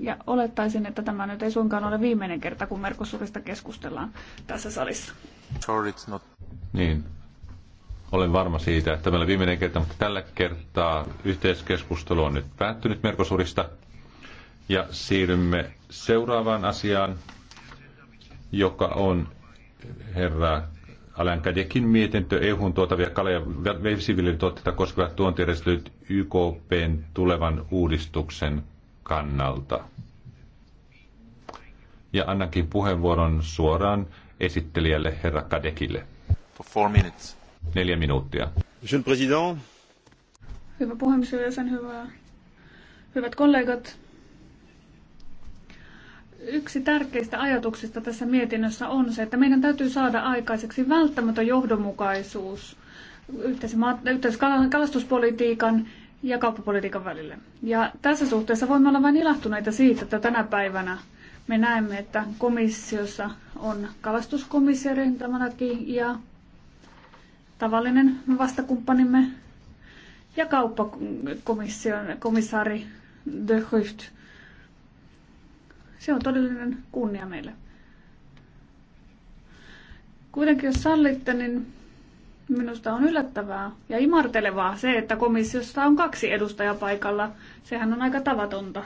Ja olettaisin, että tämä nyt ei suinkaan ole viimeinen kerta, kun Mercosurista keskustellaan tässä salissa. Sorry, it's not. Niin. Olen varma siitä, että meillä viimeinen kerta, mutta tällä kertaa yhteiskeskustelu on nyt päättynyt Mercosurista. Ja siirrymme seuraavaan asiaan, joka on herra Alan Kadekin mietintö EUn tuotavia kala- ja vesiviljelytuotteita koskevat tuontiedestelyt YKPn tulevan uudistuksen kannalta. Ja annankin puheenvuoron suoraan esittelijälle herra Kadekille. For four minutes. Neljä minuuttia. Monsieur le Président. Hyvä puhemies, jäsen, hyvä. hyvät kollegat. Yksi tärkeistä ajatuksista tässä mietinnössä on se, että meidän täytyy saada aikaiseksi välttämätön johdonmukaisuus yhteiskalastuspolitiikan kalastuspolitiikan ja kauppapolitiikan välille. Ja tässä suhteessa voimme olla vain ilahtuneita siitä, että tänä päivänä me näemme, että komissiossa on kalastuskomissaari tämä ja tavallinen vastakumppanimme ja kauppakomissaari de Hucht. Se on todellinen kunnia meille. Kuitenkin jos sallitte, niin Minusta on yllättävää ja imartelevaa se, että komissiossa on kaksi edustajaa paikalla. Sehän on aika tavatonta.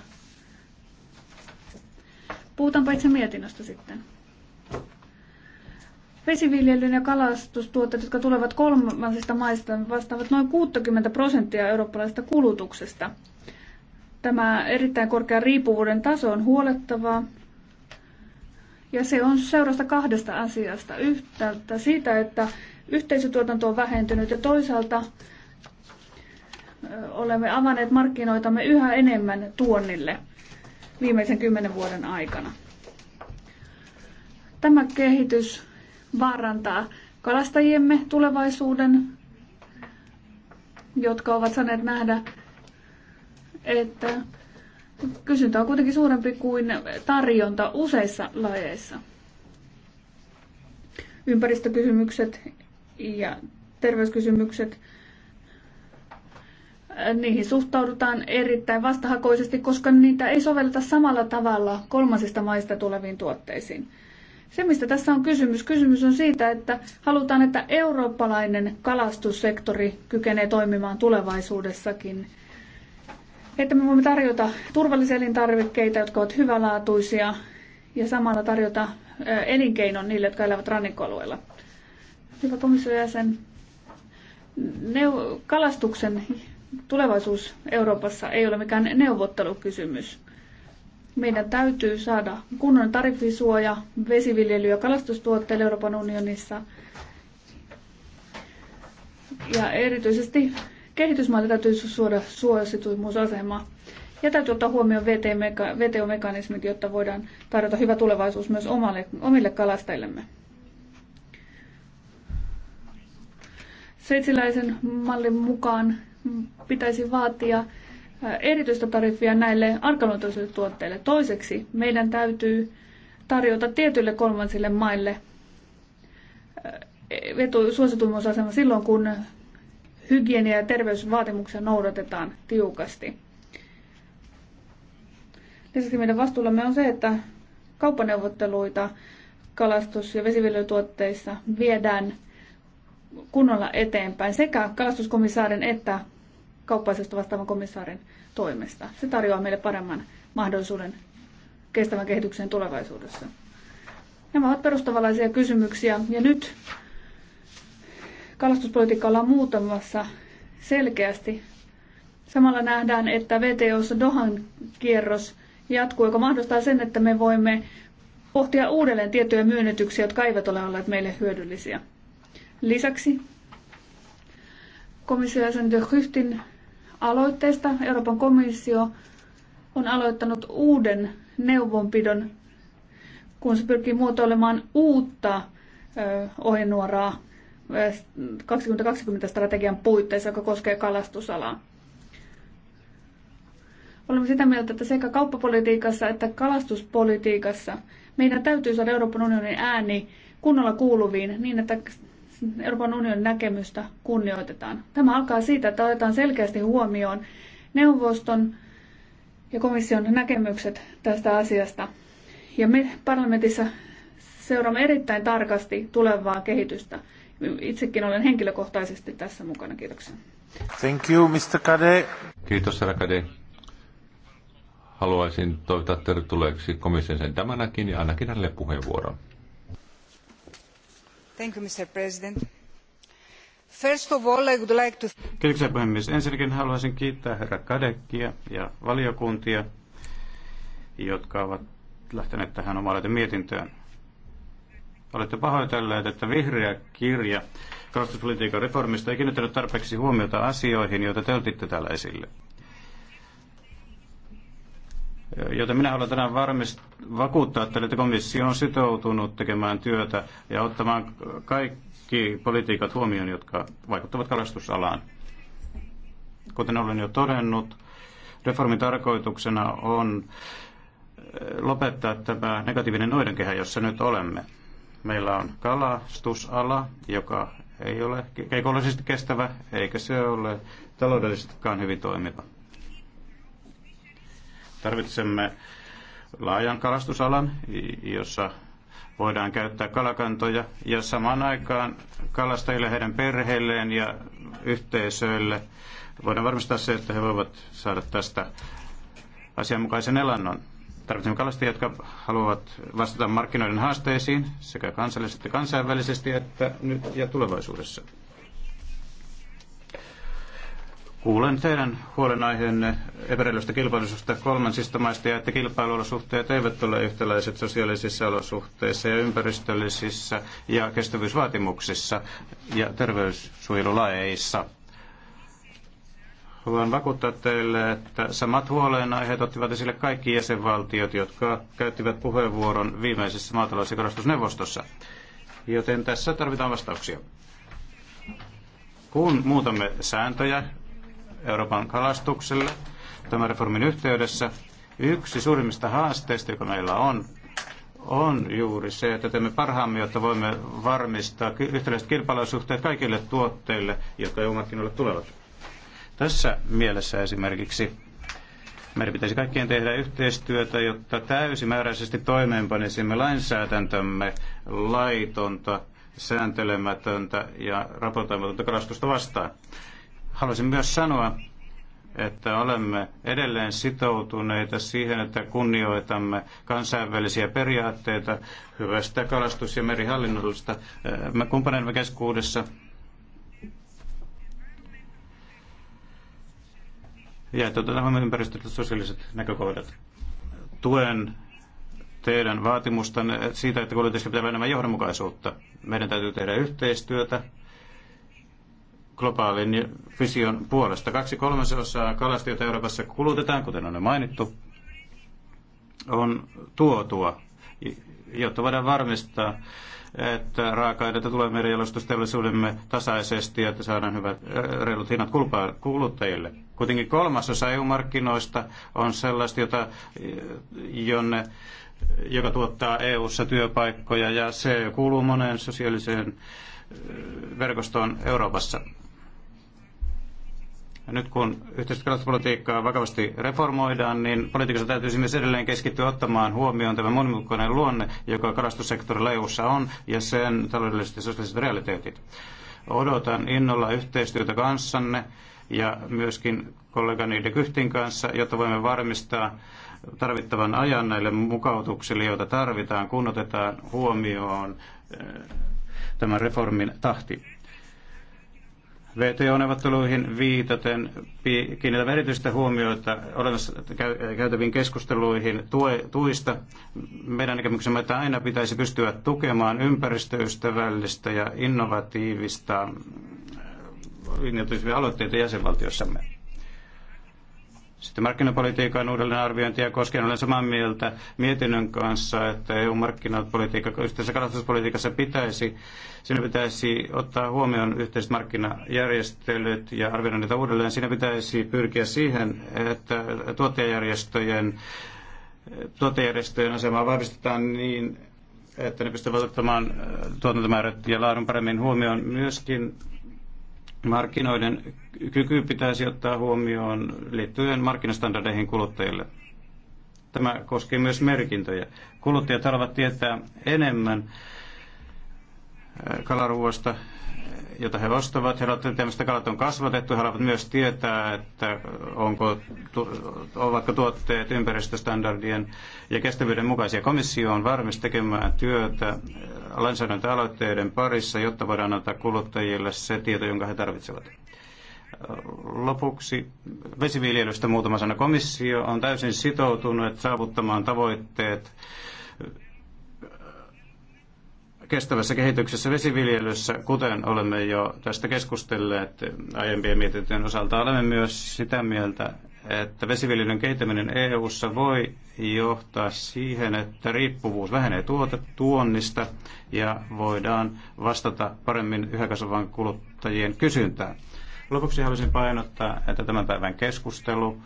Puhutaanpa itse mietinnöstä sitten. Vesiviljelyn ja kalastustuotteet, jotka tulevat kolmansista maista, vastaavat noin 60 prosenttia eurooppalaisesta kulutuksesta. Tämä erittäin korkea riippuvuuden taso on huolettavaa, ja se on seurasta kahdesta asiasta. Yhtäältä siitä, että yhteisötuotanto on vähentynyt ja toisaalta olemme avanneet markkinoitamme yhä enemmän tuonnille viimeisen kymmenen vuoden aikana. Tämä kehitys vaarantaa kalastajiemme tulevaisuuden, jotka ovat saaneet nähdä, että kysyntä on kuitenkin suurempi kuin tarjonta useissa lajeissa. Ympäristökysymykset ja terveyskysymykset, niihin suhtaudutaan erittäin vastahakoisesti, koska niitä ei sovelleta samalla tavalla kolmansista maista tuleviin tuotteisiin. Se, mistä tässä on kysymys, kysymys on siitä, että halutaan, että eurooppalainen kalastussektori kykenee toimimaan tulevaisuudessakin. Että me voimme tarjota turvallisia elintarvikkeita, jotka ovat hyvälaatuisia, ja samalla tarjota elinkeinon niille, jotka elävät rannikkoalueella. Hyvä komissio jäsen, neu- kalastuksen tulevaisuus Euroopassa ei ole mikään neuvottelukysymys. Meidän täytyy saada kunnon tariffisuoja vesiviljely- ja kalastustuotteille Euroopan unionissa. Ja erityisesti kehitysmaille täytyy suoda suosituimuusasema. Ja täytyy ottaa huomioon VTO-mekanismit, jotta voidaan tarjota hyvä tulevaisuus myös omalle, omille kalastajillemme. Sveitsiläisen mallin mukaan pitäisi vaatia äh, erityistä tariffia näille arkaluontoisille tuotteille. Toiseksi meidän täytyy tarjota tietyille kolmansille maille äh, etu, suosituimmuusasema silloin, kun hygienia- ja terveysvaatimuksia noudatetaan tiukasti. Lisäksi meidän vastuullamme on se, että kauppaneuvotteluita kalastus- ja vesiviljelytuotteissa viedään kunnolla eteenpäin sekä kalastuskomissaarin että kauppaisesta vastaavan komissaarin toimesta. Se tarjoaa meille paremman mahdollisuuden kestävän kehityksen tulevaisuudessa. Nämä ovat perustavanlaisia kysymyksiä ja nyt kalastuspolitiikka ollaan muutamassa selkeästi. Samalla nähdään, että VTOssa Dohan kierros jatkuu, joka mahdollistaa sen, että me voimme pohtia uudelleen tiettyjä myönnytyksiä, jotka eivät ole olleet meille hyödyllisiä. Lisäksi komission de Hyhtin aloitteesta Euroopan komissio on aloittanut uuden neuvonpidon, kun se pyrkii muotoilemaan uutta ohjenuoraa 2020-strategian puitteissa, joka koskee kalastusalaa. Olemme sitä mieltä, että sekä kauppapolitiikassa että kalastuspolitiikassa meidän täytyy saada Euroopan unionin ääni kunnolla kuuluviin niin, että Euroopan unionin näkemystä kunnioitetaan. Tämä alkaa siitä, että otetaan selkeästi huomioon neuvoston ja komission näkemykset tästä asiasta. Ja me parlamentissa seuraamme erittäin tarkasti tulevaa kehitystä. Itsekin olen henkilökohtaisesti tässä mukana. Kiitoksia. Thank you, Mr. Kade. Kiitos, herra Kade. Haluaisin toivottaa tervetulleeksi komission sen tämänäkin ja ainakin hänelle puheenvuoron arvoisa Kiitoksia puhemies. Ensinnäkin haluaisin kiittää herra Kadekia ja valiokuntia, jotka ovat lähteneet tähän omaan mietintöön. Olette pahoitelleet, että vihreä kirja kalastuspolitiikan reformista ei kiinnittänyt tarpeeksi huomiota asioihin, joita te otitte täällä esille. Joten minä haluan tänään varmist, vakuuttaa teille, että komissio on sitoutunut tekemään työtä ja ottamaan kaikki politiikat huomioon, jotka vaikuttavat kalastusalaan. Kuten olen jo todennut, reformin tarkoituksena on eh, lopettaa tämä negatiivinen noidenkehä, jossa nyt olemme. Meillä on kalastusala, joka ei ole ekologisesti kestävä, eikä se ole taloudellisestikaan hyvin toimiva. Tarvitsemme laajan kalastusalan, jossa voidaan käyttää kalakantoja ja samaan aikaan kalastajille, heidän perheilleen ja yhteisöille voidaan varmistaa se, että he voivat saada tästä asianmukaisen elannon. Tarvitsemme kalastajia, jotka haluavat vastata markkinoiden haasteisiin sekä kansallisesti että kansainvälisesti että nyt ja tulevaisuudessa. Kuulen teidän huolenaiheenne epäreilystä kilpailusta kolmansista maista ja että kilpailuolosuhteet eivät ole yhtäläiset sosiaalisissa olosuhteissa ja ympäristöllisissä ja kestävyysvaatimuksissa ja terveyssuojelulaeissa. Haluan vakuuttaa teille, että samat huolenaiheet ottivat esille kaikki jäsenvaltiot, jotka käyttivät puheenvuoron viimeisessä maatalous- ja korostusneuvostossa. Joten tässä tarvitaan vastauksia. Kun muutamme sääntöjä, Euroopan kalastukselle tämän reformin yhteydessä. Yksi suurimmista haasteista, joka meillä on, on juuri se, että teemme parhaamme, jotta voimme varmistaa yhtäläiset kilpailusuhteet kaikille tuotteille, jotka EU-markkinoille tulevat. Tässä mielessä esimerkiksi meidän pitäisi kaikkien tehdä yhteistyötä, jotta täysimääräisesti toimeenpanisimme lainsäädäntömme laitonta, sääntelemätöntä ja raportoimatonta kalastusta vastaan. Haluaisin myös sanoa, että olemme edelleen sitoutuneita siihen, että kunnioitamme kansainvälisiä periaatteita hyvästä kalastus- ja merihallinnollisesta eh, kumppaneidemme keskuudessa. Ja että otetaan ja sosiaaliset näkökohdat. Tuen teidän vaatimustanne siitä, että kuljetuksessa pitää enemmän johdonmukaisuutta. Meidän täytyy tehdä yhteistyötä globaalin vision puolesta. Kaksi kolmasosaa kalasta, jota Euroopassa kulutetaan, kuten on jo mainittu, on tuotua, jotta voidaan varmistaa, että raaka-aineita tulee meidän jalostusteollisuudemme tasaisesti ja että saadaan hyvät reilut hinnat kuluttajille. Kuitenkin kolmasosa EU-markkinoista on sellaista, jota, jonne, joka tuottaa EU-ssa työpaikkoja ja se kuuluu moneen sosiaaliseen verkostoon Euroopassa nyt kun yhteistä vakavasti reformoidaan, niin politiikassa täytyisi myös edelleen keskittyä ottamaan huomioon tämä monimutkainen luonne, joka kalastussektorilla EU:ssa on, ja sen taloudelliset ja sosiaaliset realiteetit. Odotan innolla yhteistyötä kanssanne ja myöskin kollegani De Kyhtin kanssa, jotta voimme varmistaa tarvittavan ajan näille mukautuksille, joita tarvitaan, kun otetaan huomioon eh, tämän reformin tahti. VTO-neuvotteluihin viitaten kiinnitämme erityistä huomiota olemassa käytäviin keskusteluihin tue, tuista. Meidän näkemyksemme, että aina pitäisi pystyä tukemaan ympäristöystävällistä ja innovatiivista aloitteita jäsenvaltiossamme. Sitten markkinapolitiikan uudelleenarviointia koskien olen samaa mieltä mietinnön kanssa, että EU-markkinapolitiikka yhteisessä kalastuspolitiikassa pitäisi, siinä pitäisi ottaa huomioon yhteiset markkinajärjestelyt ja arvioida niitä uudelleen. Siinä pitäisi pyrkiä siihen, että tuottajajärjestöjen, tuottajajärjestöjen asemaa vahvistetaan niin, että ne pystyvät ottamaan tuotantomäärät ja laadun paremmin huomioon myöskin Markkinoiden kyky pitäisi ottaa huomioon liittyen markkinastandardeihin kuluttajille. Tämä koskee myös merkintöjä. Kuluttajat haluavat tietää enemmän kalaruoasta jota he ostavat. He haluavat tämmöistä kalat on kasvatettu. He haluavat myös tietää, että onko, ovatko tuotteet ympäristöstandardien ja kestävyyden mukaisia. Komissio on varmis tekemään työtä lainsäädäntöaloitteiden parissa, jotta voidaan antaa kuluttajille se tieto, jonka he tarvitsevat. Lopuksi vesiviljelystä muutama sana. Komissio on täysin sitoutunut saavuttamaan tavoitteet kestävässä kehityksessä vesiviljelyssä, kuten olemme jo tästä keskustelleet aiempien mietintöjen osalta, olemme myös sitä mieltä, että vesiviljelyn kehittäminen EU:ssa voi johtaa siihen, että riippuvuus vähenee tuote, tuonnista ja voidaan vastata paremmin yhä kasvavan kuluttajien kysyntään. Lopuksi haluaisin painottaa, että tämän päivän keskustelu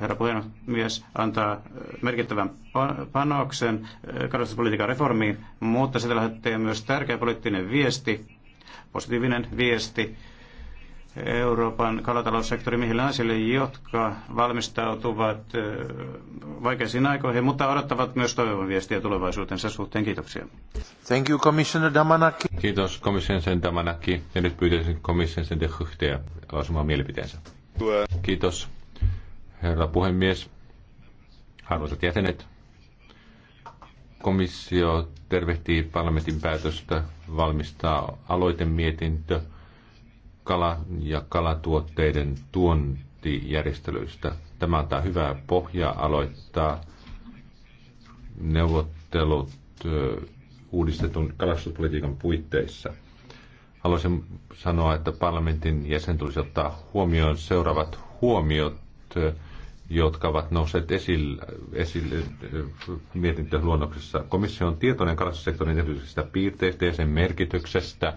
herra puhemies, antaa äh, merkittävän panoksen äh, kalastuspolitiikan reformiin, mutta se lähettää myös tärkeä poliittinen viesti, positiivinen viesti Euroopan kalataloussektorin mihin naisille, jotka valmistautuvat äh, vaikeisiin aikoihin, mutta odottavat myös toivon viestiä tulevaisuutensa suhteen. Kiitoksia. Thank you, Commissioner Damanaki. Kiitos, komission sen Damanaki. Ja nyt pyytäisin komission sen de Huchtea lausumaan mielipiteensä. Kiitos herra puhemies, arvoisat jäsenet. Komissio tervehtii parlamentin päätöstä valmistaa aloitemietintö kala- ja kalatuotteiden tuontijärjestelyistä. Tämä antaa hyvää pohjaa aloittaa neuvottelut uudistetun kalastuspolitiikan puitteissa. Haluaisin sanoa, että parlamentin jäsen tulisi ottaa huomioon seuraavat huomiot jotka ovat nousseet esille, esille eh, mietintöluonnoksessa. Komissio on tietoinen kalastussektorin erityisistä piirteistä ja sen merkityksestä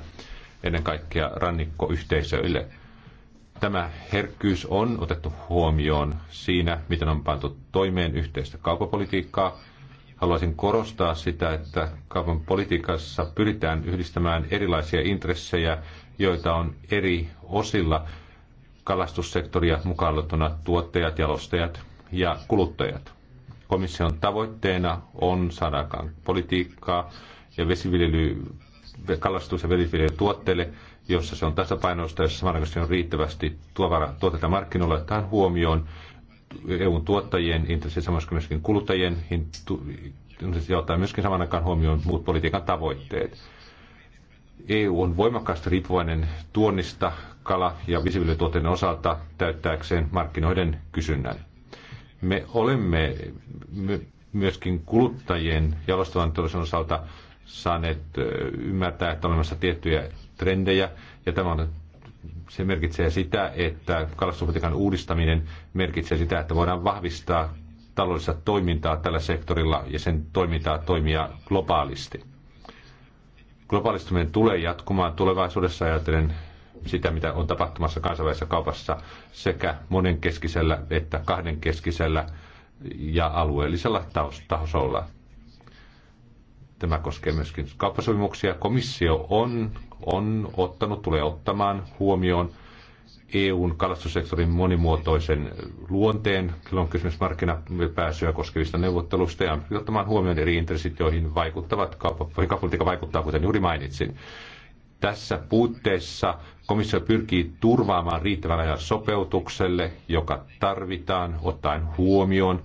ennen kaikkea rannikkoyhteisöille. Tämä herkkyys on otettu huomioon siinä, miten on pantu toimeen yhteistä kaupapolitiikkaa. Haluaisin korostaa sitä, että kaupan politiikassa pyritään yhdistämään erilaisia intressejä, joita on eri osilla kalastussektoria mukaan tuottajat, jalostajat ja kuluttajat. Komission tavoitteena on saada politiikkaa ja vesiviljely, kalastus- ja vesiviljelytuotteille, jossa se on tasapainoista, jossa se on riittävästi tuovara, tuotetta markkinoilla, otetaan huomioon EUn tuottajien intressi samassa myöskin kuluttajien intressi ja ottaa myöskin saman aikaan huomioon muut politiikan tavoitteet. EU on voimakkaasti riippuvainen tuonnista kala- ja vesiviljelytuotteiden osalta täyttääkseen markkinoiden kysynnän. Me olemme myöskin kuluttajien jalostavan teollisuuden osalta saaneet ymmärtää, että on olemassa tiettyjä trendejä, ja tämä on, se merkitsee sitä, että kalastuspolitiikan uudistaminen merkitsee sitä, että voidaan vahvistaa taloudellista toimintaa tällä sektorilla ja sen toimintaa toimia globaalisti. Globaalistuminen tulee jatkumaan tulevaisuudessa ajatellen sitä, mitä on tapahtumassa kansainvälisessä kaupassa sekä monenkeskisellä että kahdenkeskisellä ja alueellisella tasolla. Tämä koskee myöskin kauppasopimuksia. Komissio on, on ottanut, tulee ottamaan huomioon EUn kalastussektorin monimuotoisen luonteen. Silloin on kysymys markkinapääsyä koskevista neuvotteluista ja ottamaan huomioon eri intressit, joihin vaikuttavat, kauppapolitiikka vaikuttaa, kuten juuri mainitsin. Tässä puutteessa komissio pyrkii turvaamaan riittävän ajan sopeutukselle, joka tarvitaan ottaen huomioon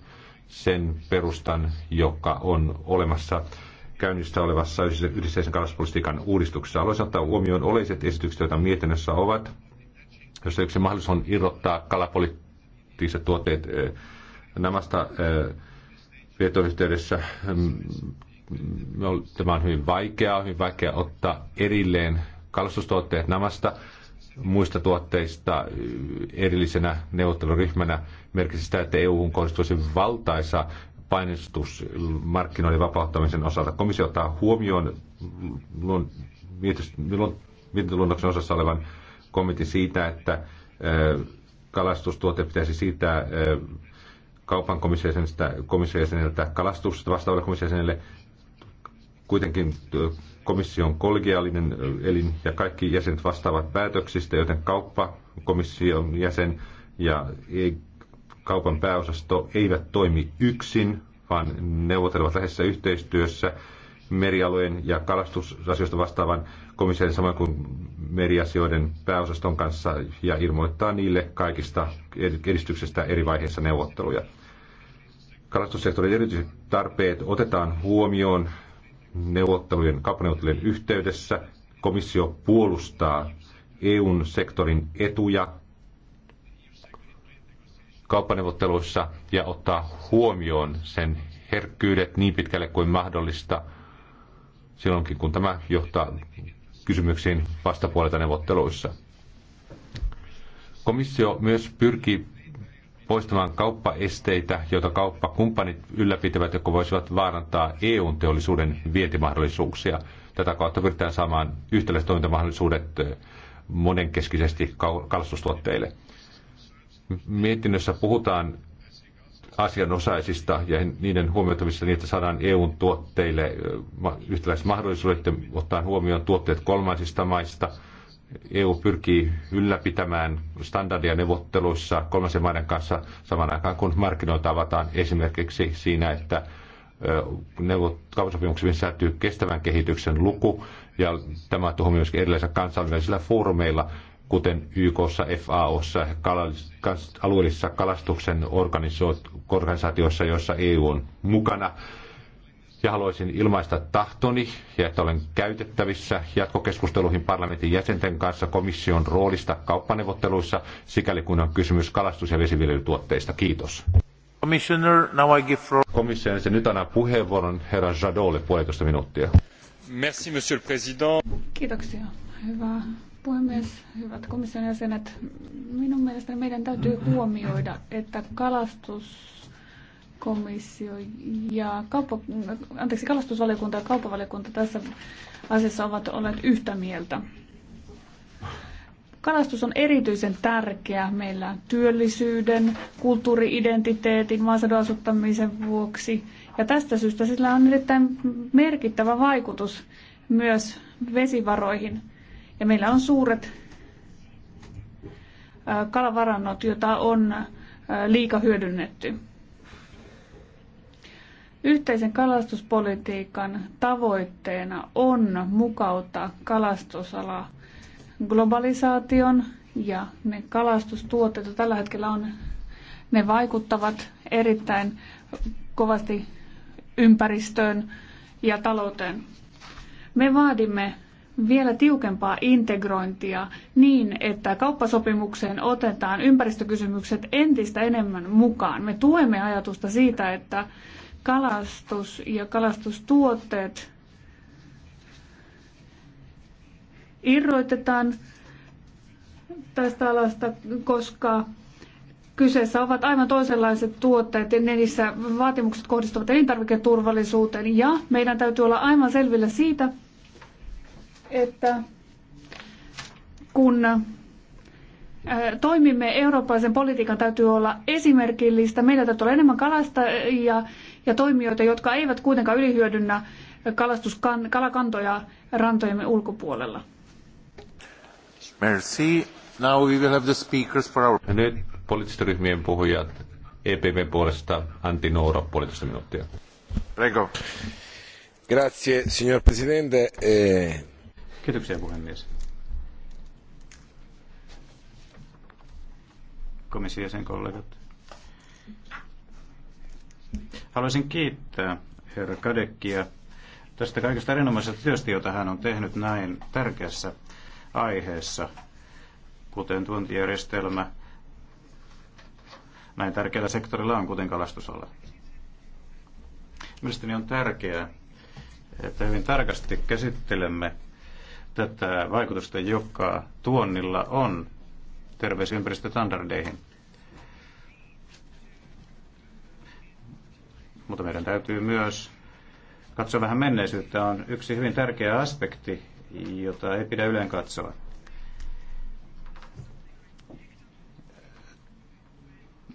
sen perustan, joka on olemassa käynnissä olevassa yhteisen kalastuspolitiikan uudistuksessa. Haluaisin ottaa huomioon oleiset esitykset, joita mietinnössä ovat jossa yksi mahdollisuus on irrottaa kalapoliittiset tuotteet namasta vietoyhteydessä. Mm, no, tämä on hyvin vaikeaa, hyvin vaikea ottaa erilleen kalastustuotteet namasta muista tuotteista erillisenä neuvotteluryhmänä merkitsi sitä, että EU kohdistuisi valtaisa painostus markkinoiden vapauttamisen osalta. Komissio ottaa huomioon mietintöluonnoksen osassa olevan kommentti siitä, että kalastustuote pitäisi siirtää kaupan komissiojäseneltä kalastuksesta vastaavalle komissiojäsenelle. Kuitenkin komission kollegiaalinen elin ja kaikki jäsenet vastaavat päätöksistä, joten kauppa, komission jäsen ja e, kaupan pääosasto eivät toimi yksin, vaan neuvottelevat lähes yhteistyössä merialueen ja kalastusasioista vastaavan komissaari samoin kuin meriasioiden pääosaston kanssa ja ilmoittaa niille kaikista edistyksestä eri vaiheissa neuvotteluja. Kalastussektorin erityiset tarpeet otetaan huomioon neuvottelujen, kauppaneuvottelujen yhteydessä. Komissio puolustaa EUn sektorin etuja kauppaneuvotteluissa ja ottaa huomioon sen herkkyydet niin pitkälle kuin mahdollista silloinkin, kun tämä johtaa kysymyksiin vastapuolelta neuvotteluissa. Komissio myös pyrkii poistamaan kauppaesteitä, joita kauppakumppanit ylläpitävät, jotka voisivat vaarantaa EUn teollisuuden vientimahdollisuuksia. Tätä kautta pyritään saamaan yhtäläiset toimintamahdollisuudet monenkeskisesti kalastustuotteille. Mietinnössä puhutaan asianosaisista ja niiden huomioitavissa niin, että saadaan EUn tuotteille yhtäläiset mahdollisuudet ottaa huomioon tuotteet kolmansista maista. EU pyrkii ylläpitämään standardia neuvotteluissa kolmansien maiden kanssa saman aikaan, kun markkinoita avataan esimerkiksi siinä, että kaupasopimuksiin säätyy kestävän kehityksen luku, ja tämä tuohon myöskin erilaisilla kansainvälisillä foorumeilla, kuten YKssa, FAOssa, alueellisissa kalastuksen organisaatioissa, joissa EU on mukana. Ja haluaisin ilmaista tahtoni ja että olen käytettävissä jatkokeskusteluihin parlamentin jäsenten kanssa komission roolista kauppaneuvotteluissa, sikäli kun on kysymys kalastus- ja vesiviljelytuotteista. Kiitos. Commissioner, now I give floor. Komission se nyt annan puheenvuoron herra Jadolle puolitoista minuuttia. Merci, monsieur le président. Kiitoksia. Hyvä Puhemies, hyvät komission jäsenet, minun mielestäni meidän täytyy huomioida, että kalastuskomissio ja kaupo, anteeksi, kalastusvaliokunta ja kaupavaliokunta tässä asiassa ovat olleet yhtä mieltä. Kalastus on erityisen tärkeä meillä työllisyyden, kulttuuriidentiteetin, maaseudun asuttamisen vuoksi. Ja tästä syystä sillä on erittäin merkittävä vaikutus myös vesivaroihin – ja meillä on suuret kalavarannot, joita on liika hyödynnetty. Yhteisen kalastuspolitiikan tavoitteena on mukauttaa kalastusala globalisaation ja ne kalastustuotteet, joita tällä hetkellä on, ne vaikuttavat erittäin kovasti ympäristöön ja talouteen. Me vaadimme vielä tiukempaa integrointia niin, että kauppasopimukseen otetaan ympäristökysymykset entistä enemmän mukaan. Me tuemme ajatusta siitä, että kalastus ja kalastustuotteet irroitetaan tästä alasta, koska kyseessä ovat aivan toisenlaiset tuotteet ja niissä vaatimukset kohdistuvat elintarviketurvallisuuteen ja meidän täytyy olla aivan selvillä siitä, että kun toimimme eurooppalaisen politiikan täytyy olla esimerkillistä. Meillä täytyy olla enemmän kalastajia ja toimijoita, jotka eivät kuitenkaan ylihyödynnä kalastuskan, kalakantoja rantojemme ulkopuolella. Merci. Now we will have the speakers for our... nyt poliittisten puhujat EPP puolesta Antti Noura puolitoista minuuttia. Prego. Grazie, signor Presidente. Eh... Kiitoksia puhemies. Komission sen kollegat. Haluaisin kiittää herra Kadekia tästä kaikesta erinomaisesta työstä, jota hän on tehnyt näin tärkeässä aiheessa, kuten tuontijärjestelmä näin tärkeällä sektorilla on, kuten kalastusala. Mielestäni on tärkeää, että hyvin tarkasti käsittelemme tätä vaikutusta, joka tuonnilla on terveysympäristöstandardeihin. Mutta meidän täytyy myös katsoa vähän menneisyyttä. On yksi hyvin tärkeä aspekti, jota ei pidä yleen katsoa.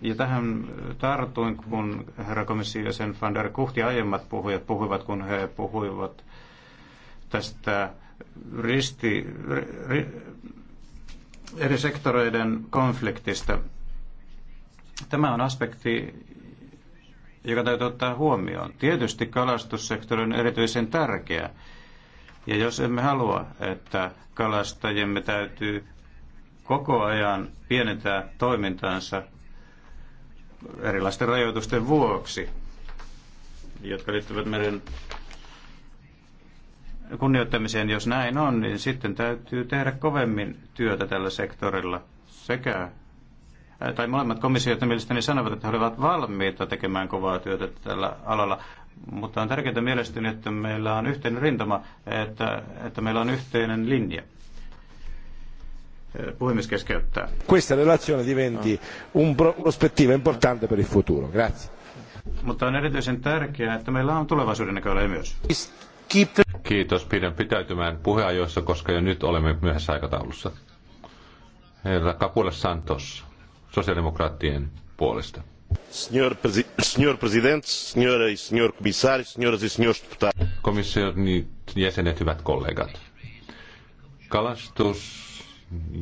Ja tähän tartuin, kun herra komissio sen van der Kuhti aiemmat puhujat puhuivat, kun he puhuivat tästä risti, ri, eri sektoreiden konfliktista. Tämä on aspekti, joka täytyy ottaa huomioon. Tietysti kalastussektori on erityisen tärkeä. Ja jos emme halua, että kalastajiemme täytyy koko ajan pienentää toimintaansa erilaisten rajoitusten vuoksi, jotka liittyvät meidän kunnioittamiseen. Jos näin on, niin sitten täytyy tehdä kovemmin työtä tällä sektorilla sekä tai molemmat komissiot mielestäni sanovat, että he olivat valmiita tekemään kovaa työtä tällä alalla. Mutta on tärkeää mielestäni, että meillä on yhteinen rintama, että, että meillä on yhteinen linja. Puhemies keskeyttää. Questa relazione diventi ah. un prospettiva importante per il futuro. Grazie. Mutta on erityisen tärkeää, että meillä on tulevaisuuden näköala myös. Keep Kiitos. Pidän pitäytymään puheajoissa, koska jo nyt olemme myöhässä aikataulussa. Herra Kapula Santos, sosiaalidemokraattien puolesta. Señor presi- presidente, senhora y e senhor comissário, señoras y e señores diputados. Komission jäsenet, hyvät kollegat. Kalastus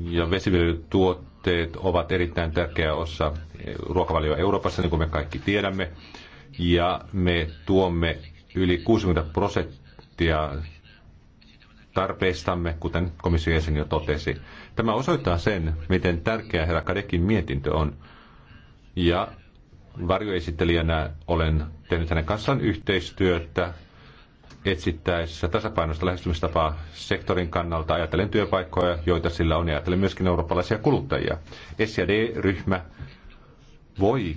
ja vesiviljelytuotteet ovat erittäin tärkeä osa ruokavalio Euroopassa, niin kuin me kaikki tiedämme. Ja me tuomme yli 60 prosenttia prosenttia tarpeistamme, kuten komission jäsen jo totesi. Tämä osoittaa sen, miten tärkeä herra Kadekin mietintö on. Ja varjoesittelijänä olen tehnyt hänen kanssaan yhteistyötä etsittäessä tasapainoista lähestymistapaa sektorin kannalta Ajattelen työpaikkoja, joita sillä on, ja ajattelen myöskin eurooppalaisia kuluttajia. S&D-ryhmä voi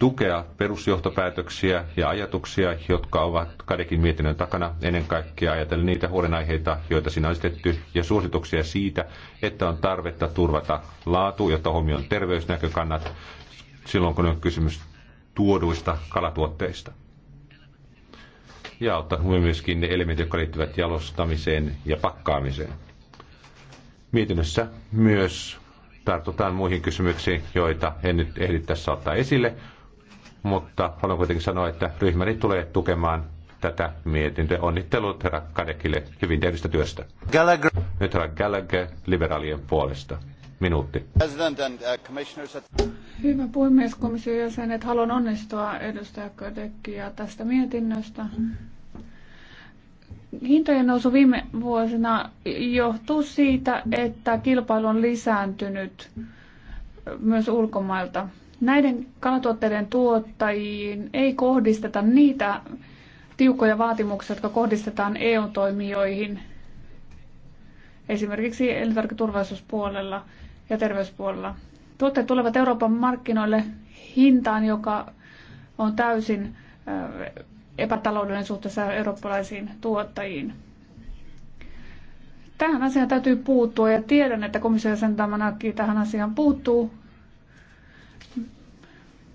tukea perusjohtopäätöksiä ja ajatuksia, jotka ovat Kadekin mietinnön takana, ennen kaikkea ajatellen niitä huolenaiheita, joita siinä on esitetty, ja suosituksia siitä, että on tarvetta turvata laatu, jotta huomioon terveysnäkökannat silloin, kun on kysymys tuoduista kalatuotteista. Ja ottaa huomioon myöskin ne elementit, jotka liittyvät jalostamiseen ja pakkaamiseen. Mietinnössä myös tartutaan muihin kysymyksiin, joita en nyt ehdi tässä ottaa esille, mutta haluan kuitenkin sanoa, että ryhmäni tulee tukemaan tätä mietintöä. Onnittelut herra Kadekille hyvin tehdystä työstä. Gallagher. Nyt herra Gallagher liberaalien puolesta. Minuutti. Uh, Hyvä puhemies, komission jäsenet. Haluan onnistua edustaja Kadekia tästä mietinnöstä. Hintojen nousu viime vuosina johtuu siitä, että kilpailu on lisääntynyt myös ulkomailta. Näiden kalatuotteiden tuottajiin ei kohdisteta niitä tiukkoja vaatimuksia, jotka kohdistetaan EU-toimijoihin, esimerkiksi elintarviketurvallisuuspuolella ja terveyspuolella. Tuotteet tulevat Euroopan markkinoille hintaan, joka on täysin äh, epätaloudellinen suhteessa eurooppalaisiin tuottajiin. Tähän asiaan täytyy puuttua ja tiedän, että komission sen tähän asiaan puuttuu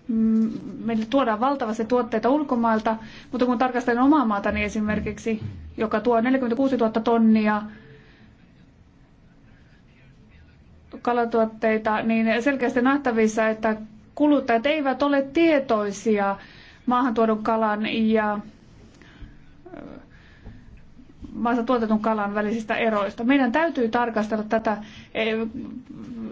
Mm, meille tuodaan valtavasti tuotteita ulkomailta, mutta kun tarkastelen omaa maatani niin esimerkiksi, joka tuo 46 000 tonnia kalatuotteita, niin selkeästi nähtävissä, että kuluttajat eivät ole tietoisia maahantuodun kalan ja maassa tuotetun kalan välisistä eroista. Meidän täytyy tarkastella tätä eh,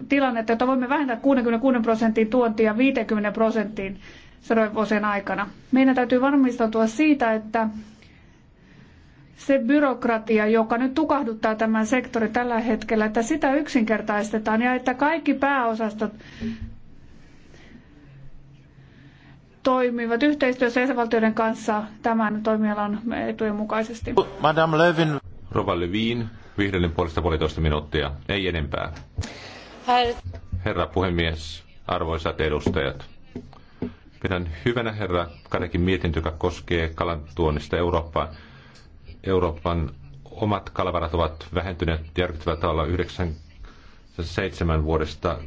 tilannetta, jotta voimme vähentää 66 prosentin tuontia 50 prosenttiin sadojen vuosien aikana. Meidän täytyy varmistautua siitä, että se byrokratia, joka nyt tukahduttaa tämän sektorin tällä hetkellä, että sitä yksinkertaistetaan ja että kaikki pääosastot toimivat yhteistyössä jäsenvaltioiden kanssa tämän toimialan etujen mukaisesti. Madame Levin. Rova Levin, vihreiden puolesta puolitoista minuuttia, ei enempää. Herra puhemies, arvoisat edustajat. Pidän hyvänä herra Karekin mietintö, joka koskee tuonnista Eurooppaan. Euroopan omat kalavarat ovat vähentyneet järkyttävällä tavalla 97 vuodesta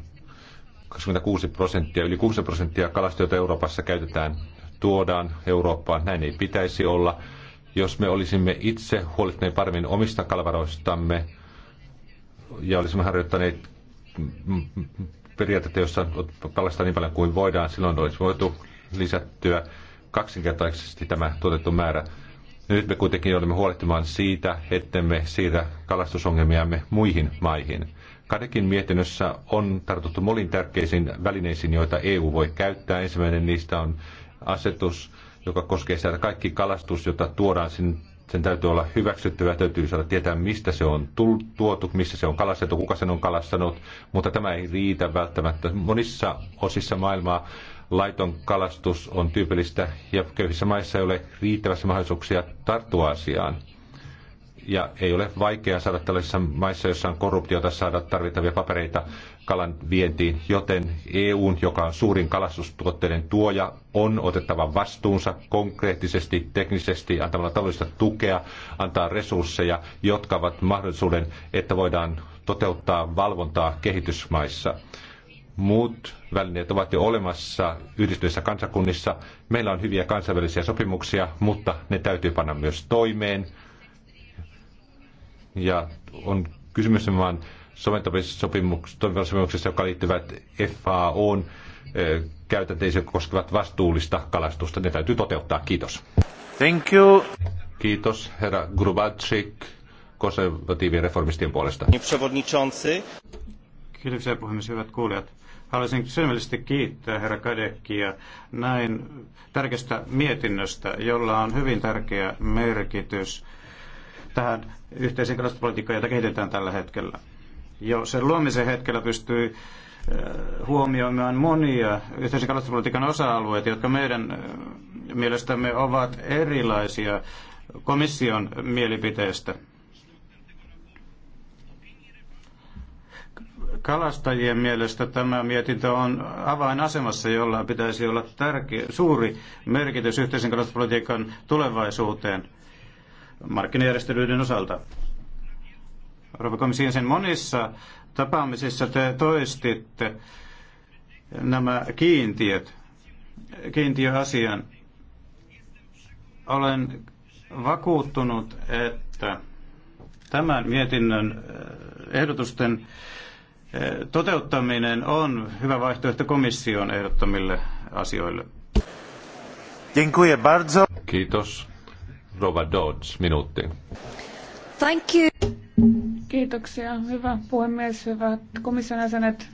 26 prosenttia, yli 6 prosenttia kalastajia Euroopassa käytetään, tuodaan Eurooppaan. Näin ei pitäisi olla. Jos me olisimme itse huolittaneet paremmin omista kalvaroistamme ja olisimme harjoittaneet periaatteita, joissa kalastaa niin paljon kuin voidaan, silloin olisi voitu lisättyä kaksinkertaisesti tämä tuotettu määrä. Nyt me kuitenkin olemme huolehtimaan siitä, ettemme siirrä kalastusongelmiamme muihin maihin. Kadekin mietinnössä on tartuttu molin tärkeisiin välineisiin, joita EU voi käyttää. Ensimmäinen niistä on asetus, joka koskee sitä, että kaikki kalastus, jota tuodaan sinne sen täytyy olla hyväksyttävä, täytyy saada tietää, mistä se on tuotu, missä se on kalastettu, kuka sen on kalastanut, mutta tämä ei riitä välttämättä. Monissa osissa maailmaa laiton kalastus on tyypillistä ja köyhissä maissa ei ole riittävässä mahdollisuuksia tarttua asiaan ja ei ole vaikea saada tällaisissa maissa, joissa on korruptiota, saada tarvittavia papereita kalan vientiin, joten EU, joka on suurin kalastustuotteiden tuoja, on otettava vastuunsa konkreettisesti, teknisesti, antamalla taloudellista tukea, antaa resursseja, jotka ovat mahdollisuuden, että voidaan toteuttaa valvontaa kehitysmaissa muut välineet ovat jo olemassa yhdistyneissä kansakunnissa. Meillä on hyviä kansainvälisiä sopimuksia, mutta ne täytyy panna myös toimeen ja on kysymys vain soveltamissopimuksesta, joka liittyvät FAOn käytänteisiä koskevat vastuullista kalastusta. Ne täytyy toteuttaa. Kiitos. Thank you. Kiitos, herra Grubacik, konservatiivien reformistien puolesta. Kiitoksia, puhemies, hyvät kuulijat. Haluaisin sydämellisesti kiittää herra Kadekia näin tärkeästä mietinnöstä, jolla on hyvin tärkeä merkitys tähän yhteiseen kalastuspolitiikkaan, jota kehitetään tällä hetkellä. Jo sen luomisen hetkellä pystyy huomioimaan monia yhteisen kalastuspolitiikan osa-alueita, jotka meidän mielestämme ovat erilaisia komission mielipiteestä. Kalastajien mielestä tämä mietintö on avainasemassa, jolla pitäisi olla tärkeä, suuri merkitys yhteisen kalastuspolitiikan tulevaisuuteen markkinajärjestelyiden osalta. Euroopan komission sen monissa tapaamisissa te toistitte nämä kiintiöt, kiintiöasian. Olen vakuuttunut, että tämän mietinnön eh, ehdotusten eh, toteuttaminen on hyvä vaihtoehto komission ehdottamille asioille. Kiitos. Rova Thank you. Kiitoksia, hyvä puhemies, hyvät komission jäsenet.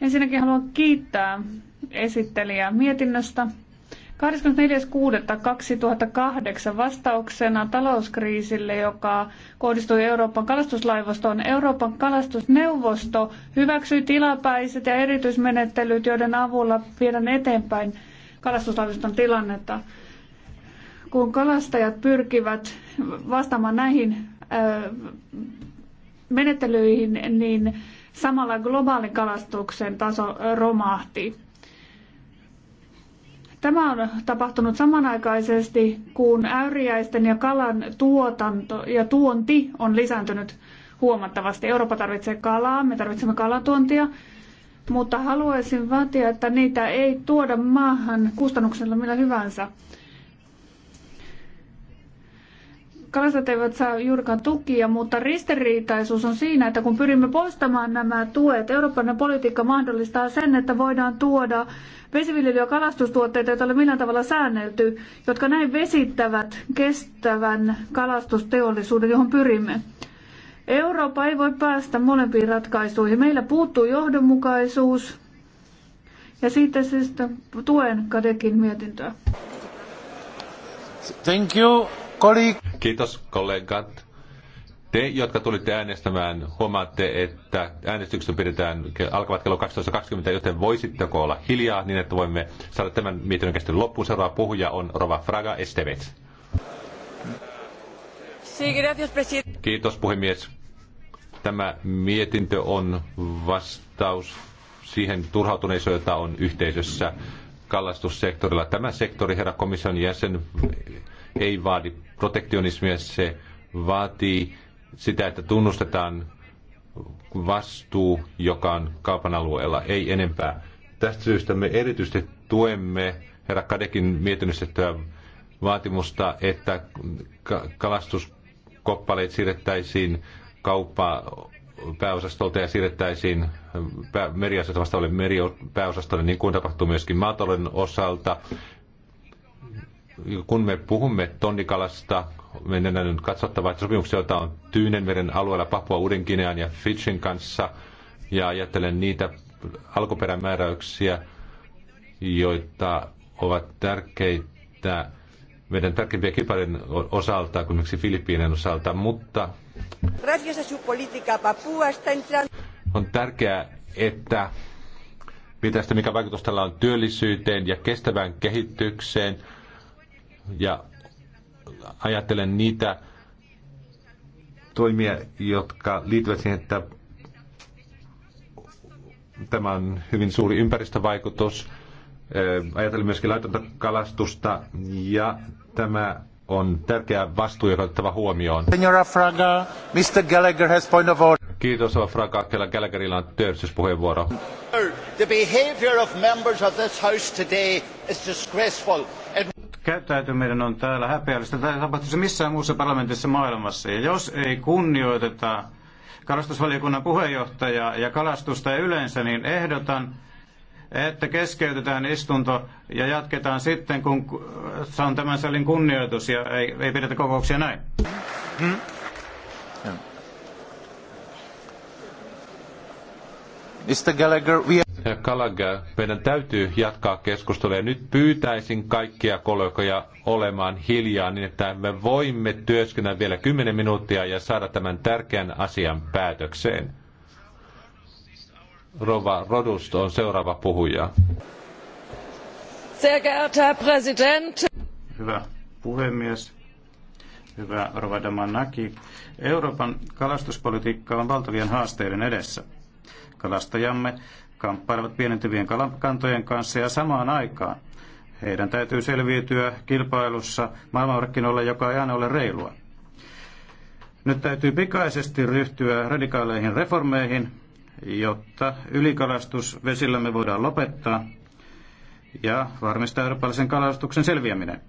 Ensinnäkin haluan kiittää esittelijää mietinnöstä. 24.6.2008 vastauksena talouskriisille, joka kohdistui Euroopan kalastuslaivastoon, Euroopan kalastusneuvosto hyväksyi tilapäiset ja erityismenettelyt, joiden avulla viedään eteenpäin kalastuslaivaston tilannetta kun kalastajat pyrkivät vastaamaan näihin menettelyihin, niin samalla globaalin kalastuksen taso romahti. Tämä on tapahtunut samanaikaisesti, kun äyriäisten ja kalan tuotanto ja tuonti on lisääntynyt huomattavasti. Eurooppa tarvitsee kalaa, me tarvitsemme kalatuontia, mutta haluaisin vaatia, että niitä ei tuoda maahan kustannuksella millä hyvänsä. Kalastajat eivät saa juurikaan tukia, mutta ristiriitaisuus on siinä, että kun pyrimme poistamaan nämä tuet, eurooppalainen politiikka mahdollistaa sen, että voidaan tuoda vesiviljely- ja kalastustuotteita, joita ei ole millään tavalla säännelty, jotka näin vesittävät kestävän kalastusteollisuuden, johon pyrimme. Eurooppa ei voi päästä molempiin ratkaisuihin. Meillä puuttuu johdonmukaisuus ja siitä syystä tuen Kadekin mietintöä. Thank you, colleague. Kiitos kollegat. Te, jotka tulitte äänestämään, huomaatte, että äänestykset pidetään, alkavat kello 12.20, joten voisitteko olla hiljaa niin, että voimme saada tämän mietinnön käsittelyn loppuun. Seuraava puhuja on Rova Fraga Estevez. Kiitos puhemies. Tämä mietintö on vastaus siihen turhautuneisuuteen, jota on yhteisössä kalastussektorilla. Tämä sektori, herra komission jäsen, ei vaadi protektionismia, se vaatii sitä, että tunnustetaan vastuu, joka on kaupan alueella, ei enempää. Tästä syystä me erityisesti tuemme herra Kadekin mietinnössä vaatimusta, että kalastuskoppaleet siirrettäisiin kauppa pääosastolta ja siirrettäisiin pää, meriasiat meri pääosastolle niin kuin tapahtuu myöskin maatalouden osalta kun me puhumme tonnikalasta, meidän on katsottava, että sopimuksia, joita on Tyynenmeren alueella Papua Uudenkinean ja Fitchin kanssa, ja ajattelen niitä alkuperämääräyksiä, joita ovat tärkeitä meidän tärkeimpien kipaiden osalta kuin miksi Filippiinen osalta, mutta on tärkeää, että mitä sitä, mikä vaikutus tällä on työllisyyteen ja kestävään kehitykseen, ja ajattelen niitä toimia, jotka liittyvät siihen, että tämä on hyvin suuri ympäristövaikutus. Ajattelen myöskin laitonta kalastusta ja tämä on tärkeä vastuu, joka otettava huomioon. Fraga, Mr. Gallagher has point of order. Kiitos, Fraga. Kyllä Gallagherilla on työllisyyspuheenvuoro. The behavior of members of this house today is disgraceful. It käyttäytyminen on täällä häpeällistä. Tämä tapahtuisi missään muussa parlamentissa maailmassa. Ja jos ei kunnioiteta kalastusvaliokunnan puheenjohtajaa ja kalastusta ja yleensä, niin ehdotan, että keskeytetään istunto ja jatketaan sitten, kun se on tämän salin kunnioitus ja ei, ei pidetä kokouksia näin. Hmm? Mr. Gallagher, we are... Gallagher, meidän täytyy jatkaa keskustelua. Ja nyt pyytäisin kaikkia kollegoja olemaan hiljaa niin, että me voimme työskennellä vielä 10 minuuttia ja saada tämän tärkeän asian päätökseen. Rova Rodust on seuraava puhuja. Hyvä puhemies. Hyvä Rova Damanaki. Euroopan kalastuspolitiikka on valtavien haasteiden edessä. Kalastajamme kamppailevat pienentyvien kalakantojen kanssa ja samaan aikaan heidän täytyy selviytyä kilpailussa maailmanmarkkinoilla, joka ei aina ole reilua. Nyt täytyy pikaisesti ryhtyä radikaaleihin reformeihin, jotta ylikalastus vesillämme voidaan lopettaa ja varmistaa eurooppalaisen kalastuksen selviäminen.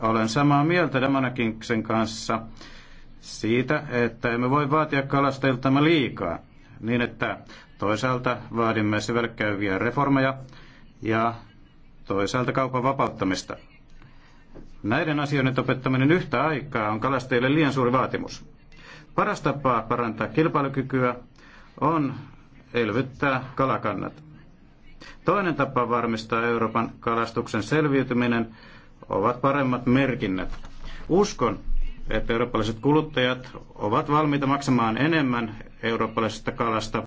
Olen samaa mieltä Damanakinksen kanssa siitä, että emme voi vaatia kalastajiltamme liikaa, niin että Toisaalta vaadimme syvällekäyviä reformeja ja toisaalta kaupan vapauttamista. Näiden asioiden opettaminen yhtä aikaa on kalastajille liian suuri vaatimus. Paras tapa parantaa kilpailukykyä on elvyttää kalakannat. Toinen tapa varmistaa Euroopan kalastuksen selviytyminen ovat paremmat merkinnät. Uskon, että eurooppalaiset kuluttajat ovat valmiita maksamaan enemmän eurooppalaisesta kalasta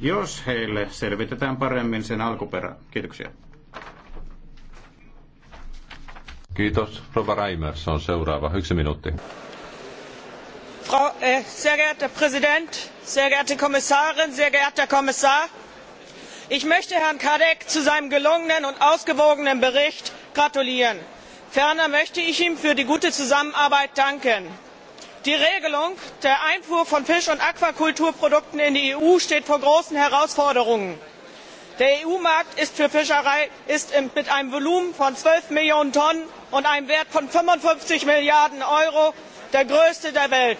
jos heille selvitetään paremmin sen alkuperä. Kiitoksia. Kiitos. Rova Reimers on seuraava. Yksi minuutti. Frau, äh, sehr geehrter Präsident, sehr geehrte Kommissarin, sehr geehrter Kommissar, ich möchte Herrn Kadek zu seinem gelungenen und ausgewogenen Bericht gratulieren. Ferner möchte ich ihm für die gute Zusammenarbeit danken die regelung der einfuhr von fisch und aquakulturprodukten in die eu steht vor großen herausforderungen. der eu markt für fischerei ist mit einem volumen von zwölf millionen tonnen und einem wert von fünfundfünfzig milliarden euro der größte der welt.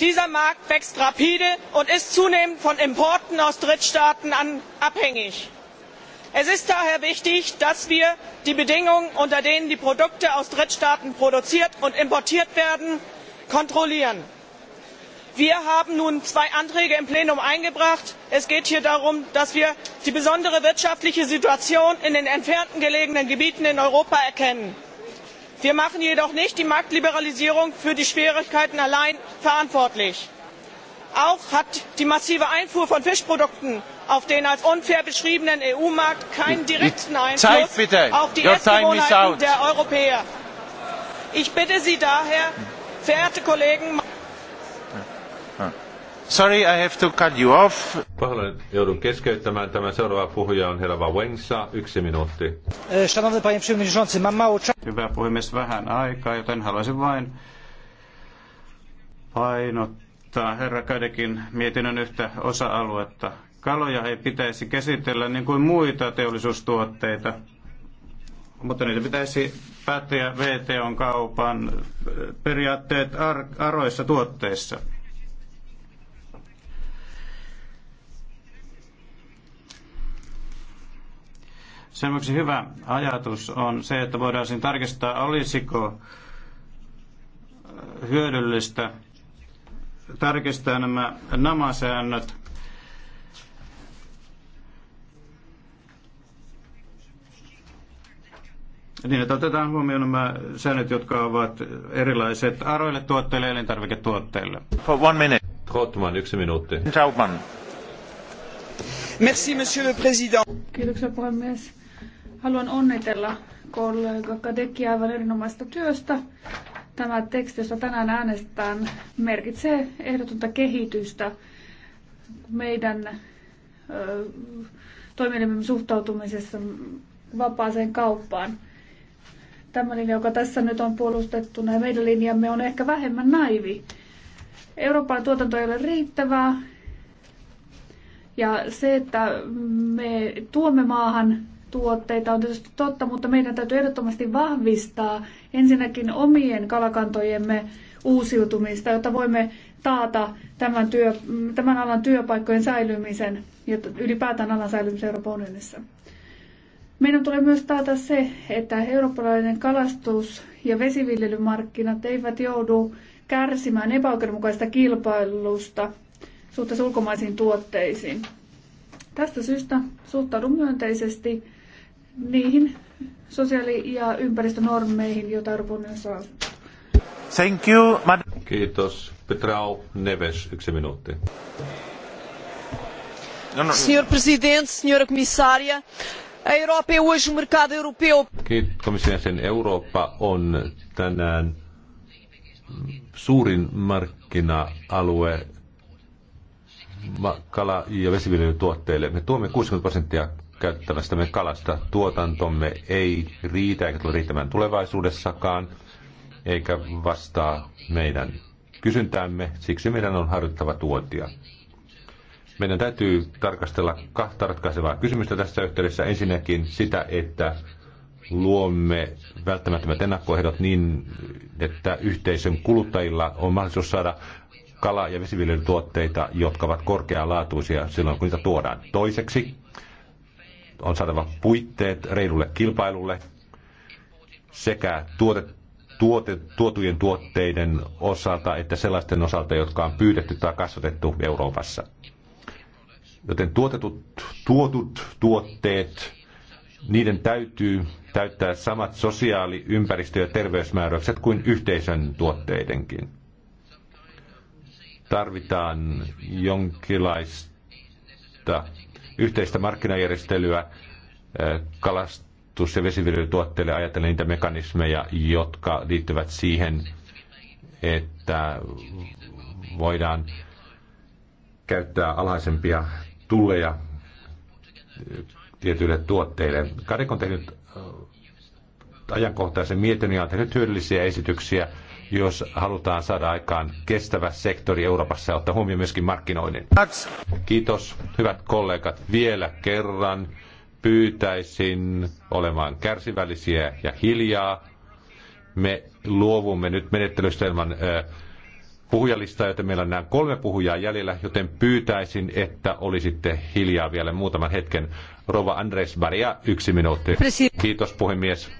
dieser markt wächst rapide und ist zunehmend von importen aus drittstaaten abhängig. es ist daher wichtig dass wir die bedingungen unter denen die produkte aus drittstaaten produziert und importiert werden kontrollieren. wir haben nun zwei anträge im plenum eingebracht. es geht hier darum dass wir die besondere wirtschaftliche situation in den entfernt gelegenen gebieten in europa erkennen. wir machen jedoch nicht die marktliberalisierung für die schwierigkeiten allein verantwortlich. auch hat die massive einfuhr von fischprodukten auf den als unfair beschriebenen eu markt keinen direkten einfluss auf die essgewohnheiten der europäer. ich bitte sie daher Verehrte Kollegen, Sorry, I have to cut you off. Pahoin joudun keskeyttämään. Tämä seuraava puhuja on herra Wengsa. Yksi minuutti. E, Hyvä puhemies, vähän aikaa, joten haluaisin vain painottaa herra Kadekin mietinnön yhtä osa-aluetta. Kaloja ei pitäisi käsitellä niin kuin muita teollisuustuotteita, mutta niitä pitäisi päteä VTOn kaupan eh, periaatteet ar- aroissa tuotteissa. Semmoksi hyvä ajatus on se, että voidaan tarkistaa, olisiko eh, hyödyllistä tarkistaa nämä namasäännöt Niin, että otetaan huomioon nämä säännöt, jotka ovat erilaiset aroille tuotteille ja elintarviketuotteille. For one minute. Trotman, yksi minuutti. Trautman. Merci, monsieur le président. Kiitoksia puhemies. Haluan onnitella kollega Kadekki aivan erinomaista työstä. Tämä teksti, josta tänään äänestetään, merkitsee ehdotonta kehitystä meidän ö, suhtautumisessa vapaaseen kauppaan. Tämä linja, joka tässä nyt on puolustettuna, näin meidän linjamme on ehkä vähemmän naivi. Euroopan tuotanto ei ole riittävää, ja se, että me tuomme maahan tuotteita on tietysti totta, mutta meidän täytyy ehdottomasti vahvistaa ensinnäkin omien kalakantojemme uusiutumista, jotta voimme taata tämän, työ, tämän alan työpaikkojen säilymisen ja ylipäätään alan säilymisen Euroopan unionissa. Meidän tulee myös taata se, että eurooppalainen kalastus- ja vesiviljelymarkkinat eivät joudu kärsimään epäoikeudenmukaista kilpailusta suhteessa ulkomaisiin tuotteisiin. Tästä syystä suhtaudun myönteisesti niihin sosiaali- ja ympäristönormeihin, joita Euroopan unionissa on. Thank you, Kiitos. Petrao Neves, yksi minuutti. No, no. Senhor Presidente, Senhora Comissária, Europa hoje mercado europeu. Eurooppa on tänään suurin markkina-alue kala- ja vesiviljelytuotteille. Me tuomme 60 prosenttia käyttämästämme kalasta. Tuotantomme ei riitä eikä tule riittämään tulevaisuudessakaan eikä vastaa meidän kysyntäämme. Siksi meidän on harjoittava tuontia. Meidän täytyy tarkastella kahta ratkaisevaa kysymystä tässä yhteydessä. Ensinnäkin sitä, että luomme välttämättömät ennakkoehdot niin, että yhteisön kuluttajilla on mahdollisuus saada kala- ja vesiviljelytuotteita, jotka ovat korkealaatuisia silloin, kun niitä tuodaan. Toiseksi on saatava puitteet reilulle kilpailulle sekä tuote, tuote, tuotujen tuotteiden osalta että sellaisten osalta, jotka on pyydetty tai kasvatettu Euroopassa. Joten tuotetut, tuotut tuotteet, niiden täytyy täyttää samat sosiaali-, ympäristö- ja terveysmääräykset kuin yhteisön tuotteidenkin. Tarvitaan jonkinlaista yhteistä markkinajärjestelyä eh, kalastus- ja vesiviljelytuotteille ajatellen niitä mekanismeja, jotka liittyvät siihen, että voidaan käyttää alhaisempia tulleja eh, tietyille tuotteille. Kadek on tehnyt eh, ajankohtaisen mietinnön ja on tehnyt hyödyllisiä esityksiä, jos halutaan saada aikaan kestävä sektori Euroopassa ja ottaa huomioon myöskin markkinoinnin. Kiitos, hyvät kollegat, vielä kerran pyytäisin olemaan kärsivällisiä ja hiljaa. Me luovumme nyt menettelystä ilman äh, puhujalistaa, joten meillä on nämä kolme puhujaa jäljellä, joten pyytäisin, että olisitte hiljaa vielä muutaman hetken. Rova Andres Baria, yksi minuutti. Kiitos puhemies.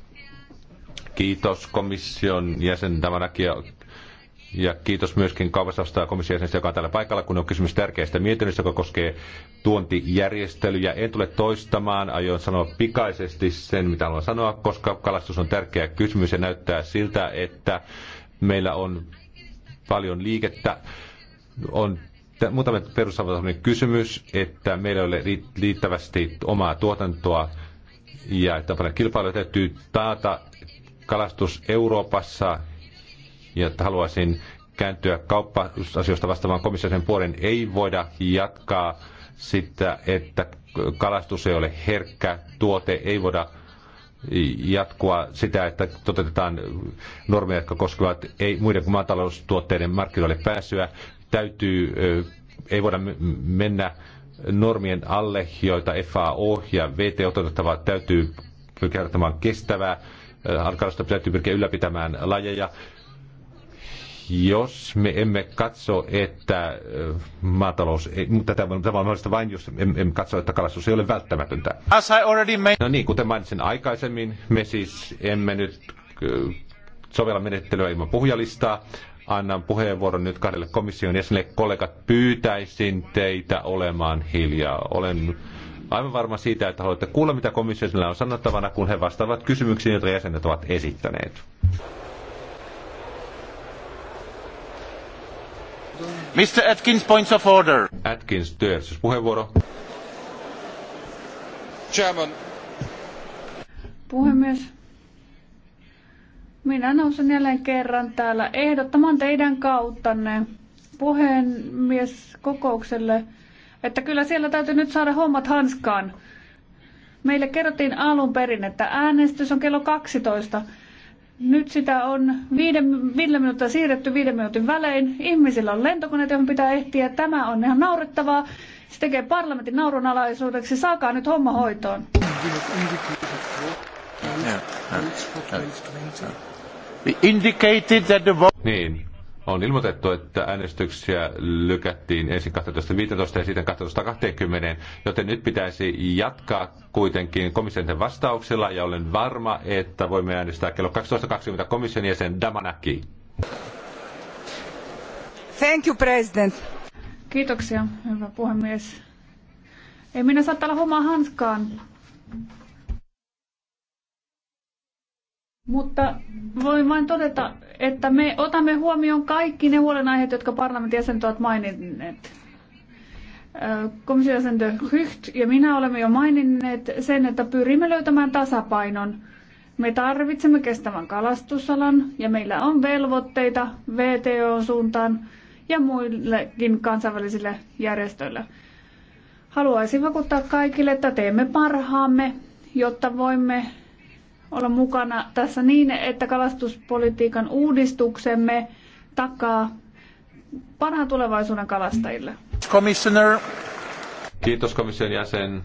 Kiitos komission jäsen Damanakia ja kiitos myöskin kaupassa komission jäsenestä, joka on täällä paikalla, kun on kysymys tärkeästä mietinnöstä, joka koskee tuontijärjestelyjä. En tule toistamaan, aion sanoa pikaisesti sen, mitä haluan sanoa, koska kalastus on tärkeä kysymys ja näyttää siltä, että meillä on paljon liikettä. On muutama perusavainen kysymys, että meillä ei ole riittävästi omaa tuotantoa ja että paljon kilpailuja täytyy taata kalastus Euroopassa ja että haluaisin kääntyä kauppa-asioista vastaavan komissiosen puolen. Ei voida jatkaa sitä, että kalastus ei ole herkkä tuote, ei voida Jatkoa sitä, että toteutetaan normeja, jotka koskevat ei muiden kuin maataloustuotteiden markkinoille pääsyä. Täytyy, ei voida mennä normien alle, joita FAO ja WTO toteuttavat. Täytyy pyrkiä kestävää alkalosta täytyy pyrkiä ylläpitämään lajeja jos me emme katso, että maatalous, tämä on mahdollista vain, jos emme katso, että kalastus ei ole välttämätöntä. As I already made... No niin, kuten mainitsin aikaisemmin, me siis emme nyt sovella menettelyä ilman puhujalistaa. Annan puheenvuoron nyt kahdelle komission jäsenelle. Kollegat, pyytäisin teitä olemaan hiljaa. Olen aivan varma siitä, että haluatte kuulla, mitä komissiolla on sanottavana, kun he vastaavat kysymyksiin, joita jäsenet ovat esittäneet. Mr. Atkins, points of order. Atkins, puheenvuoro. Chairman. Puhemies. Minä nousen jälleen kerran täällä ehdottamaan teidän kauttanne kokoukselle, että kyllä siellä täytyy nyt saada hommat hanskaan. Meille kerrottiin alun perin, että äänestys on kello 12. Nyt sitä on viiden, viiden minuuttia siirretty viiden minuutin välein. Ihmisillä on lentokoneet, joihin pitää ehtiä. Tämä on ihan naurettavaa. Se tekee parlamentin naurunalaisuudeksi. Saakaa nyt homma hoitoon. Niin, on ilmoitettu, että äänestyksiä lykättiin ensin 12.15 ja sitten 12.20, joten nyt pitäisi jatkaa kuitenkin komission vastauksilla ja olen varma, että voimme äänestää kello 12.20 komission jäsen Damanaki. Thank you, President. Kiitoksia, hyvä puhemies. Ei minä saattaa olla hanskaan. Mutta voin vain todeta, että me otamme huomioon kaikki ne huolenaiheet, jotka parlamentin jäsenet ovat maininneet. Komission jäsen Hyht ja minä olemme jo maininneet sen, että pyrimme löytämään tasapainon. Me tarvitsemme kestävän kalastusalan ja meillä on velvoitteita VTO-suuntaan ja muillekin kansainvälisille järjestöille. Haluaisin vakuuttaa kaikille, että teemme parhaamme, jotta voimme olla mukana tässä niin, että kalastuspolitiikan uudistuksemme takaa parhaan tulevaisuuden kalastajille. Commissioner. Kiitos komission jäsen.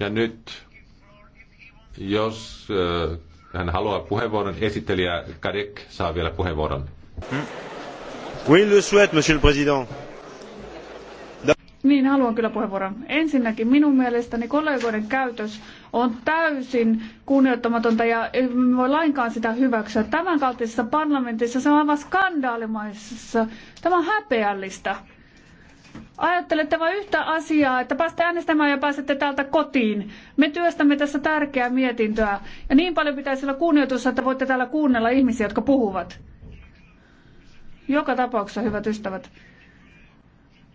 Ja nyt, jos äh, hän haluaa puheenvuoron, esittelijä Kadek saa vielä puheenvuoron. Hmm? Oui, le souhaite, monsieur le président. Niin, haluan kyllä puheenvuoron. Ensinnäkin minun mielestäni kollegoiden käytös on täysin kunnioittamatonta ja ei voi lainkaan sitä hyväksyä. Tämän kaltaisessa parlamentissa se on aivan skandaalimaisessa. Tämä on häpeällistä. Ajattelette vain yhtä asiaa, että pääsette äänestämään ja pääsette täältä kotiin. Me työstämme tässä tärkeää mietintöä ja niin paljon pitäisi olla kunnioitus että voitte täällä kuunnella ihmisiä, jotka puhuvat. Joka tapauksessa, hyvät ystävät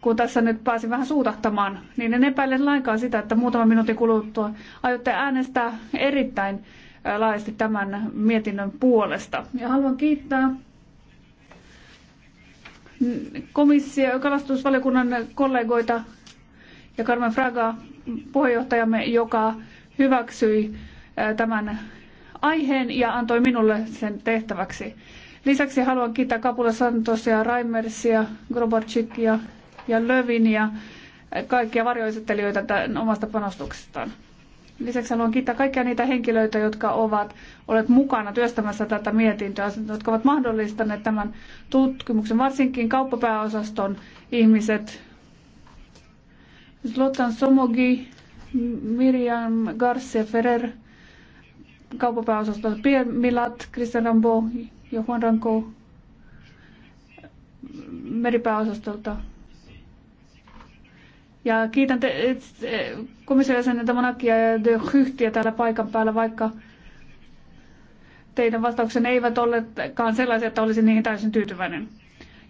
kun tässä nyt pääsin vähän suutahtamaan, niin en epäile lainkaan sitä, että muutama minuutin kuluttua aiotte äänestää erittäin laajasti tämän mietinnön puolesta. Ja haluan kiittää komissio, kalastusvaliokunnan kollegoita ja Carmen Fraga, puheenjohtajamme, joka hyväksyi tämän aiheen ja antoi minulle sen tehtäväksi. Lisäksi haluan kiittää Kapula Santosia, Raimersia, Grobarczykia, ja Lövin ja kaikkia varjoesittelijöitä omasta panostuksestaan. Lisäksi haluan kiittää kaikkia niitä henkilöitä, jotka ovat olleet mukana työstämässä tätä mietintöä, jotka ovat mahdollistaneet tämän tutkimuksen, varsinkin kauppapääosaston ihmiset. Zlotan Somogi, Miriam Garcia Ferrer, kauppapääosaston Pierre Milat, Christian Rambo ja Juan Ranko meripääosastolta ja kiitän te, e, komission jäseniltä Monakia ja de Hyhtiä täällä paikan päällä, vaikka teidän vastauksenne eivät olleetkaan sellaisia, että olisin niihin täysin tyytyväinen.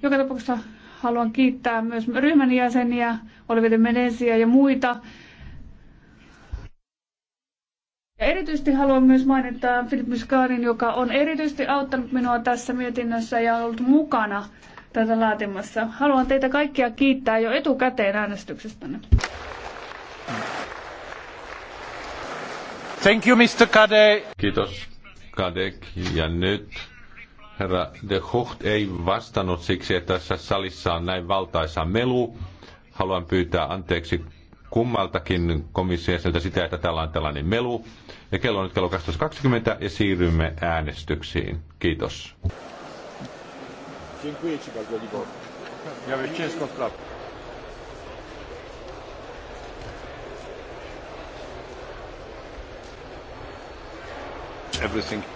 Joka tapauksessa haluan kiittää myös ryhmän jäseniä, Olivet Menesiä ja muita. Ja erityisesti haluan myös mainita Philip Muscardin, joka on erityisesti auttanut minua tässä mietinnössä ja ollut mukana tätä laatimassa. Haluan teitä kaikkia kiittää jo etukäteen äänestyksestänne. Thank you, Mr. Kade. Kiitos, Kadek. Ja nyt herra de Hucht ei vastannut siksi, että tässä salissa on näin valtaisa melu. Haluan pyytää anteeksi kummaltakin komissiaselta sitä, että täällä on tällainen melu. Ja kello on nyt kello 12.20 ja siirrymme äänestyksiin. Kiitos. Dziękuję Ci bardzo, Libor. Miałeś ciężką sprawę. Everything.